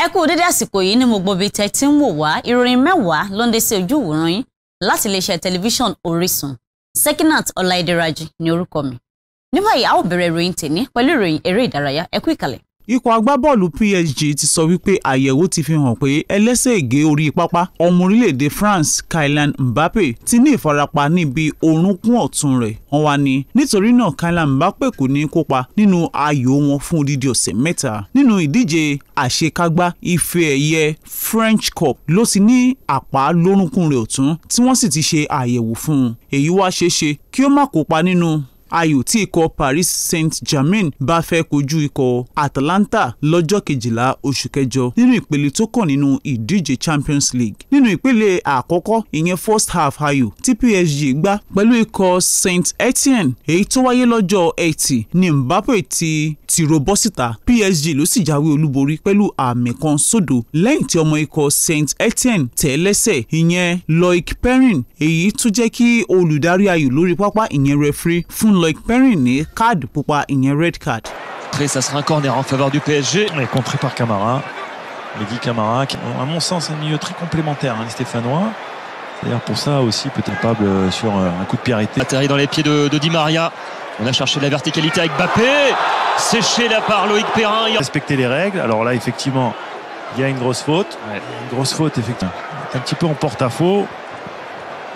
ẹ kú dédé àsìkò yìí ní gbogbo ibi tẹ́ ti ń wò wá ìròyìn mẹ́wàá ló ń dé sí ojú ìwòran yín láti iléeṣẹ́ tẹlifíṣàn Orísun Sekinat Ọláìdẹrajì ní orúkọ mi ní a ó bẹ̀rẹ̀ ìròyìn tèmi pẹ̀lú ìròyìn eré ìdárayá ẹ kú ìkàlẹ̀ ikọ̀ agbábọ́ọ̀lù PSG ti sọ wípé àyẹ̀wò ti fi hàn pé ẹlẹ́sẹ̀ ègé orí pápá ọmọ orílẹ̀-èdè France Kylian Mbappe ti ní ìfarapa níbi orúnkún ọ̀tún rẹ̀ wọ́n wá ní nítorí náà Kylian Mbappe kò ní kópa nínú ayò wọn fún odidi ọ̀sẹ̀ mẹ́ta nínú ìdíje àṣekágbá ife ẹ̀yẹ French Cup ló ti ní àpá lórúnkún rẹ̀ ọ̀tún tí wọ́n sì ti ṣe àyẹ̀wò fún un èyí wá ṣeéṣe kí ó má kópa nínú ayò tí ikọ̀ Paris Saint-Germain bá fẹ́ kojú ikọ̀ Atalanta lọ́jọ́ kejìlá oṣù kẹjọ nínú ìpele tó kàn nínú ìdíje Champions League nínú ìpele àkọ́kọ́ ìyẹn first half ayò tí PSG gbá pẹ̀lú ikọ̀ Saint Etienne èyí tó wáyé lọ́jọ́ Ẹtì ní Mbappe ti tìrò bọ́ síta PSG ló sì jáwé olúborí pẹ̀lú àmì kan sódò lẹ́yìn tí ọmọ ikọ̀ Saint Etienne tẹ̀ lẹ́sẹ̀ ìyẹn Loic Perrin èyí tó jẹ́ kí olùdarí ayò lórí pápá ìyẹn referee fún Loïc Perrin cadre card pas il red card. Après, ça sera un corner en faveur du PSG, mais contré par Camara. Les dit Camara, qui à mon sens, un milieu très complémentaire, hein, les Stéphanois. D'ailleurs, pour ça aussi, peut être pas euh, sur euh, un coup de pierre arrêté. Atterri dans les pieds de, Di Maria. On a cherché de la verticalité avec Bappé. Séché la part Loïc Perrin. Respecter les règles. Alors là, effectivement, il y a une grosse faute. Une grosse faute, effectivement. Un petit peu en porte-à-faux.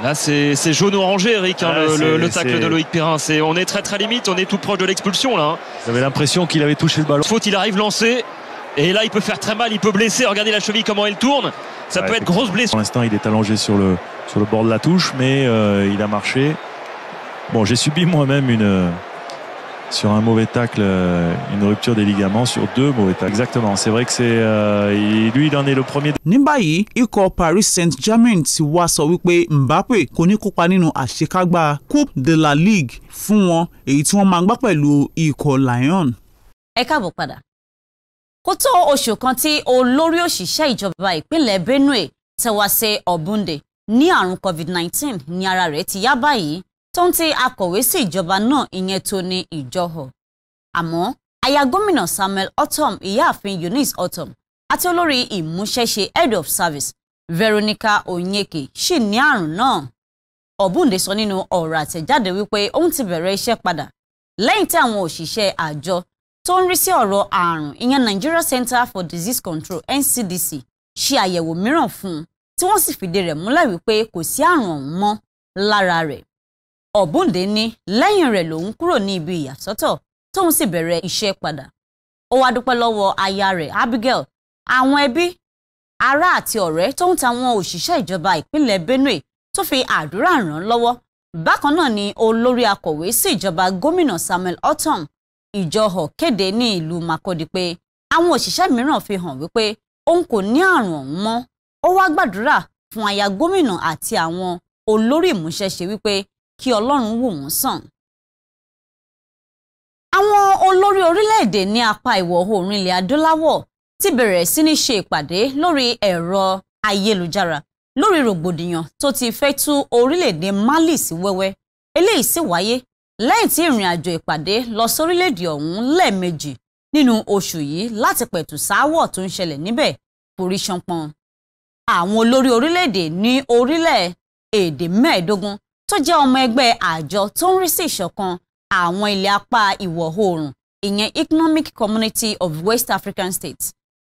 Là, c'est jaune-orangé, Eric, hein, le, tacle de Loïc Perrin. C'est, on est très très limite, on est tout proche de l'expulsion là. Hein. J'avais l'impression qu'il avait touché le ballon. Faute, il arrive lancer Et là, il peut faire très mal, il peut blesser. Regardez la cheville, comment elle tourne. Ça peut être grosse blessure. Pour l'instant, il est allongé sur le, sur le bord de la touche, mais euh, il a marché. Bon, j'ai subi moi-même une, sur un mauvais tacle, euh, une rupture des ligaments sur deux mauvais tacles. Exactement, c'est vrai que c'est euh, lui il en est le premier. Ní ikọ̀ Paris Saint-Germain ti wá sọ wípé Mbappe kò ní kópa nínú àṣekágbá Coupe de la Ligue fún wọn èyí tí wọ́n máa gbá pẹ̀lú ikọ̀ Lyon. Ẹ káàbọ̀ padà. Kó tó oṣù kan tí olórí òṣìṣẹ́ ìjọba ìpínlẹ̀ Benue Tẹwàsé Ọ̀bùndè ní àrùn COVID-19 ní ara rẹ̀ ti yá báyìí tó ń ti akọ̀wé sí ìjọba náà ìyẹn Tony Ijoho àmọ́ aya gómìnà Samuel Ortom ìyáàfin Eunice Ortom àti olórí ìmúṣẹ́ṣe head of service Veronica Onyeke ṣì ní àrùn náà Ọ̀bùndé sọ nínú ọ̀rọ̀ àtẹ̀jáde wípé òun ti bẹ̀rẹ̀ iṣẹ́ padà lẹ́yìn tí àwọn òṣìṣẹ́ àjọ tó ń rí sí ọ̀rọ̀ àrùn ìyẹn Nigeria Center for Disease Control NCDC ṣe àyẹ̀wò mìíràn fún un tí wọ́n sì fìdí rẹ̀ múlẹ̀ wípé kò sí àrùn ọ̀hún mọ́ lára rẹ̀ Ọ̀bùndé ní lẹ́yìn rẹ̀ lòun kúrò ní ibi ìyàsọ́tọ̀ tóun sì bẹ̀rẹ̀ iṣẹ́ padà ó wá dúpẹ́ lọ́wọ́ aya rẹ̀ Abigail àwọn ẹbí ará àti ọ̀rẹ́ tóun táwọn òṣìṣẹ́ ìjọba ìpínlẹ̀ Benue tó fi àdúrà ràn lọ́wọ́ bákan náà ni olórí akọ̀wé sí ìjọba gómìnà Samuel Ortom Ijoho kéde ní ìlú Makurdi pé àwọn òṣìṣẹ́ mìíràn fi hàn wípé òun kò ní àrùn ọ̀hún mọ́ ó wá gbàdúrà fún aya gómìnà àti àwọn olórí ìmúṣẹ́ṣe wípé kí ọlọ́run wò wọ́n sàn. àwọn olórí orílẹ̀-èdè ní apá ìwọ̀ oòrùn ilẹ̀ adúláwọ̀ ti bẹ̀rẹ̀ sí ní ṣe ìpàdé lórí ẹ̀rọ ayélujára lórí rògbòdìyàn tó ti fẹ́ tú orílẹ̀-èdè Mali sí wẹ́wẹ́ eléyìí sì wáyé lẹ́yìn tí ìrìn àjò ìpàdé lọ sórílẹ̀-èdè ọ̀hún lẹ́ẹ̀mejì nínú oṣù yìí láti pẹ̀tù sááwọ̀ tó ń ṣẹlẹ̀ níbẹ̀ forí ṣánpọ́n. àwọn olórí orílẹ̀-èdè ní orílẹ̀-èdè mẹ́ẹ̀ẹ́dógún tó jẹ́ ọmọ ẹgbẹ́ àjọ tó ń rí sí ìṣọ̀kan àwọn ilẹ̀ apá ìwọ̀ oòrùn ìyẹn Economic Community of West African States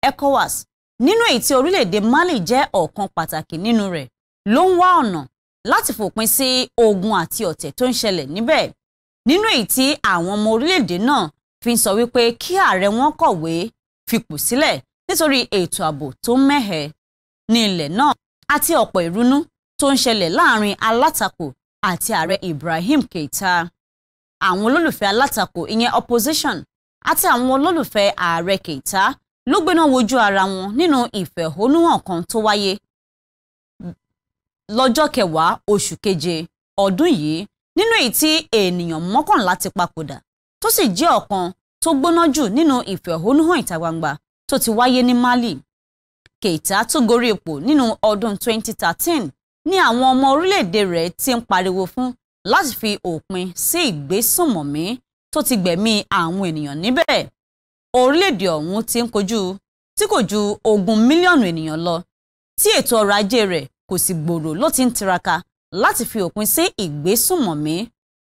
ECOWAS nínú èyí tí orílẹ̀-èdè Mali jẹ́ ọ̀kan pàtàkì nínú rẹ̀ ló ń wá ọ̀nà láti fòpin sí ogun àti ọ̀tẹ̀ tó ń ṣẹlẹ̀ níbẹ̀ nínú èyí tí àwọn ọmọ orílẹ̀-èdè náà fi ń sọ wípé kí ààrẹ wọn kọ̀wé fipò sílẹ̀ nítorí ètò ààbò tó ń ní ilẹ̀ náà àti ọ̀pọ̀ ìrúnú tó ń ṣẹlẹ̀ láàrin alátakò àti ààrẹ Ibrahim Keita àwọn olólùfẹ́ alátakò ìyẹn opposition àti àwọn olólùfẹ́ ààrẹ Keita ló gbéná wojú ara wọn nínú ìfẹ̀hónúhàn kan tó wáyé lọ́jọ́ kẹwàá oṣù keje ọdún yìí nínú èyí tí ènìyàn mọ́kànlá ti papòdà tó sì jẹ́ ọ̀kan tó gbóná jù nínú ìfẹ̀hónúhàn ìta gbangba tó ti wáyé ní Mali Keita tó gorí ipò nínú ọdún 2013 ni àwọn ọmọ orílẹ̀-èdè rẹ̀ ti ń pariwo fún láti fi òpin sí ìgbésùnmọ̀mí tó ti gbẹ̀mí àwọn ènìyàn níbẹ̀ orílẹ̀-èdè ọ̀hún ti ń kojú tí kò ju ogún mílíọ̀nù ènìyàn lọ tí ètò ọrọ̀ ajé rẹ̀ kò sì gbòòrò ló ti ń tiraka láti fi òpin sí ìgbésùnmọ̀mí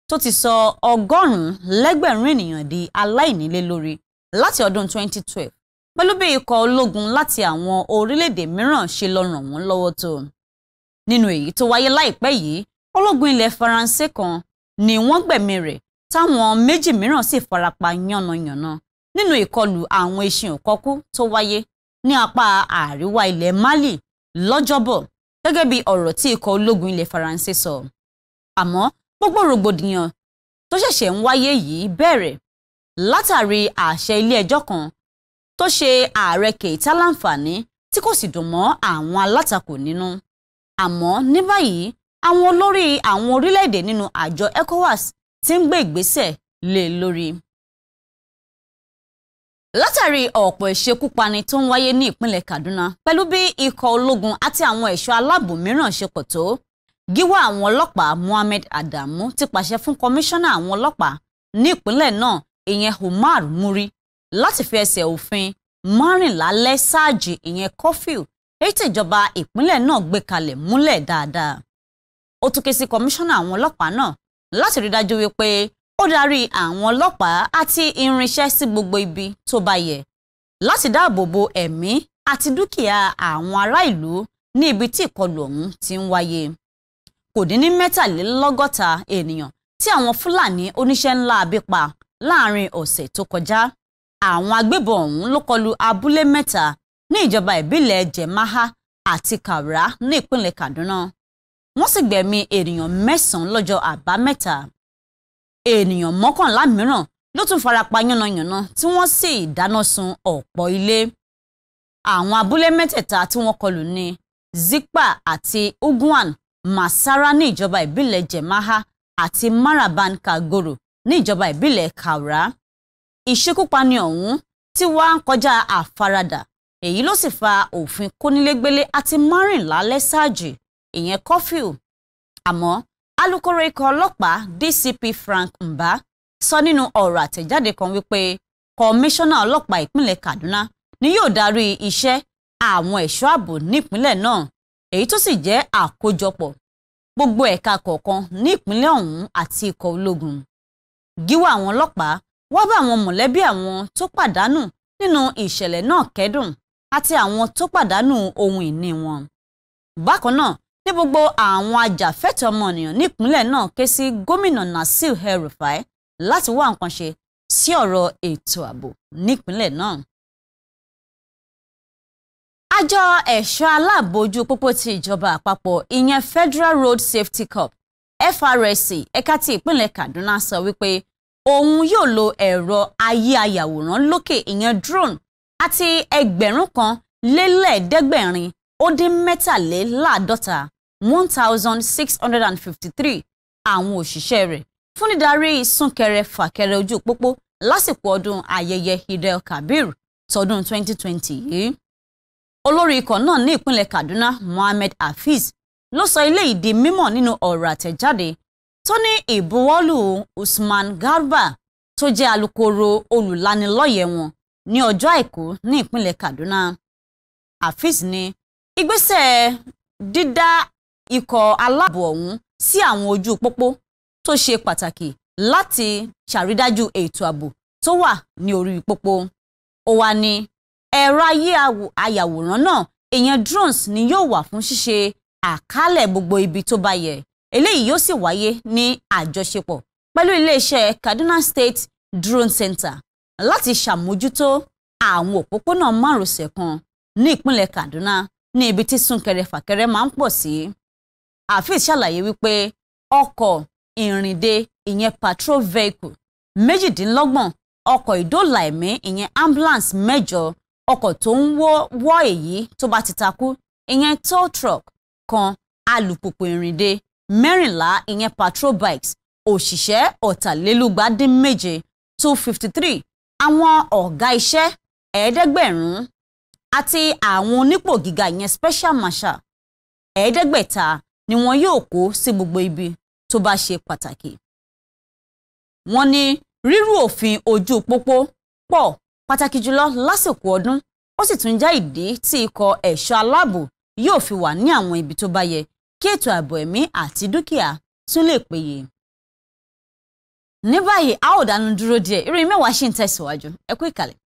tó ti sọ ọgọ́rùn-ún lẹ́gbẹ̀rún ènìyàn di aláìnílé lórí láti ọdún 2012 pẹ̀lú bí ikọ̀ ológun láti àwọn orílẹ̀-èdè mìíràn ṣe lọ ràn wọ́n lọ́wọ́ tó nínú èyí tó wáyé láìpẹ́ yìí ológun ilẹ̀ faransé kan ni wọ́n gbẹ̀mí rẹ̀ táwọn méjì mìíràn sì farapa yánnayànna nínú ìkọlù àwọn eṣin òkọkú tó wáyé ní apá àríwá ilẹ̀ mali lọ́jọ́bọ̀ gẹ́gẹ́ bí ọ̀rọ̀ tí ikọ̀ ológun ilẹ̀ faransé sọ àmọ́ gbogbo rògbòdìyàn tó ṣẹ̀ṣẹ̀ ń wáyé yìí bẹ̀rẹ̀ látàrí àṣẹ ilé ẹjọ́ kan tó ṣe ààrẹ Keita láǹfààní tí kò sì dùn mọ́ àwọn alátakò nínú àmọ́ ní báyìí àwọn olórí àwọn orílẹ̀-èdè nínú àjọ ECOWAS ti ń gbé ìgbésẹ̀ lé e lórí. látàrí ọ̀pọ̀ ìṣekúpani tó ń wáyé ní ìpínlẹ̀ Kaduna pẹ̀lú bí ikọ̀ ológun àti àwọn ẹ̀ṣọ́ aláàbò mìíràn ṣe pọ̀ tó gíwá àwọn ọlọ́pàá Mohammed Adamu ti pàṣẹ fún kọmíṣánná àwọn ọlọ́pàá ní ìpínlẹ̀ náà ìyẹn Umar Muri láti fi ẹsẹ̀ òfin márìnlálẹ́sáàjì ìyẹn curfew èyí tí ìjọba ìpínlẹ̀ náà gbé kalẹ̀ múlẹ̀ dáadáa ó tún ké sí kọmíṣánná àwọn ọlọ́pàá náà láti rí dájú wípé ó darí àwọn ọlọ́pàá àti irinṣẹ́ sí gbogbo ibi tó bá yẹ láti dáàbò bo ẹ̀mí àti dúkìá àwọn ará ìlú ní ibi tí ìkọlù ọ̀hún ti ń wáyé kò dín ní mẹ́tàlélọ́gọ́ta ènìyàn tí àwọn fúlàní oníṣẹ́ ńlá abẹ́ pa láàrin ọ̀sẹ̀ tó kọjá àwọn agbébọn ọ̀hún ló kọlu abúlé mẹ́ta ní ìjọba ìbílẹ̀ Jemaha àti Kaura ní ìpínlẹ̀ Kaduna wọ́n sì gbẹ̀mí ènìyàn mẹ́sàn-án lọ́jọ́ àbámẹ́ta ènìyàn mọ́kànlá mìíràn ló tún farapa yánnayànna tí wọ́n sì dáná sun ọ̀pọ̀ ilé àwọn abúlé mẹ́tẹ̀ẹ̀ta tí wọ́n kọlù ní Zikpa àti Ugwan Masara ní ìjọba ìbílẹ̀ Jemaha àti Maraban Kagoro ní ìjọba ìbílẹ̀ Kaura ìṣekúpani ọ̀hún tí wàá kọjá àfaradà èyí ló sì fa òfin kónílégbélé àti márìnlá lẹ́sàájì ìyẹn curfew àmọ́ alūkkóró ikọ̀ ọlọ́pàá DCP Frank Mba sọ nínú ọ̀rọ̀ àtẹ̀jáde kan wípé kọmíṣánná ọlọ́pàá ìpínlẹ̀ Kaduna ni yóò darí iṣẹ́ àwọn ẹ̀ṣọ́ ààbò nípínlẹ̀ náà èyí tó sì jẹ́ àkójọpọ̀ gbogbo ẹ̀ka kọ̀ọ̀kan ní ìpínlẹ̀ ọ̀hún àti ikọ̀ ológun gíwá àwọn ọlọ́pàá wá bá àwọn mọ̀lẹ́bí àwọn tó pàdánù nínú ìṣẹ̀lẹ̀ náà kẹ́dùn àti àwọn tó pàdánù ohun ìní wọn. bákan náà ní gbogbo àwọn ajàfẹ́tọ̀ọ́ ọmọnìyàn nípínlẹ̀ náà ké sí gómìnà Nasir El-Rufai láti wá nǹkan ṣe sí ọ̀rọ̀ ètò ààbò nípínlẹ̀ náà. àjọ ẹ̀ṣọ́ aláàbò ojú pópó ti ìjọba àpapọ̀ ìyẹn Federal Road Safety Corps FRSC ẹ̀ka ti ìpínlẹ̀ Kaduna sọ wípé òun yóò lo ẹ̀rọ ayé ayàwòrán lókè ìyẹn drone àti ẹgbẹ̀rún kan lélẹ́ẹ̀ẹ́dẹ́gbẹ̀rin ó dín mẹ́tàléláàádọ́ta one thousand six hundred and fifty three àwọn òṣìṣẹ́ rẹ̀ fún dídarí súnkẹrẹ fàkẹrẹ ojú pópó lásìkò ọdún ayẹyẹ idel kabir tọdún twenty twenty yìí olórí ikọ̀ náà ní ìpínlẹ̀ Kaduna Mohammed Hafiz ló sọ ilé ìdí mímọ̀ nínú ọ̀rọ̀ àtẹ̀jáde tó ní ìbuwọ́lù Usman Garba tó jẹ́ alukoro olùlanilọ́yẹ̀ wọn ní ọjọ́ àìkú ní ìpínlẹ̀ Kaduna Afeez ní ìgbésẹ̀ dídá ikọ̀ aláàbò ọ̀hún sí àwọn ojú pópó tó ṣe pàtàkì láti ṣàrídájú ètò ààbò tó wà ní orí pópó ó wà ní ẹ̀rọ ayàwòrán náà èèyàn drones ni yóò wà fún ṣíṣe àkálẹ̀ gbogbo ibi tó bá yẹ eléyìí yóò sì wáyé ní àjọṣepọ̀ pẹ̀lú iléeṣẹ́ Kaduna State Drone Center láti ṣàmójútó àwọn òpópónà márosẹ̀ kan ní ìpínlẹ̀ Kaduna ní ibi tí súnkẹrẹ fàkẹrẹ máa ń pọ̀ sí. Afeez ṣàlàyé wípé ọkọ̀ ìrìndè ìyẹn patrol vehicle méjìdínlọ́gbọ̀n ọkọ̀ ìdóòlà ẹ̀mí ìyẹn ambulance mẹ́jọ ọkọ̀ tó ń wọ́ èyí tó bá ti takú ìyẹn tow truck kan alùpùpù ìrìndè mẹ́rìnlá ìyẹn patrol bikes òṣìṣẹ́ ọ̀tàlélúgba dín méje two fifty three àwọn ọ̀gá iṣẹ́ ẹ̀ẹ́dẹ́gbẹ̀rún àti àwọn onípò gíga ìyẹn special marshal ẹ̀ẹ́dẹ́gbẹ̀ta ni wọn yóò kó sí gbogbo ibi tó bá ṣe pàtàkì. wọ́n ní rírú òfin ojú pópó pọ̀ pàtàkì jùlọ lásìkò ọdún ó sì tún já ìdí tí ikọ̀ ẹ̀ṣọ́ aláàbò yóò fi wà ní àwọn ibi tó bá yẹ kí ètò ààbò ẹ̀mí àti dúkìá tún lè péye ní báyìí a ó dánu dúró díẹ̀ ìròyìn mẹ́wàá ṣì ń tẹ̀síwájú ẹ kú ìkàlẹ̀.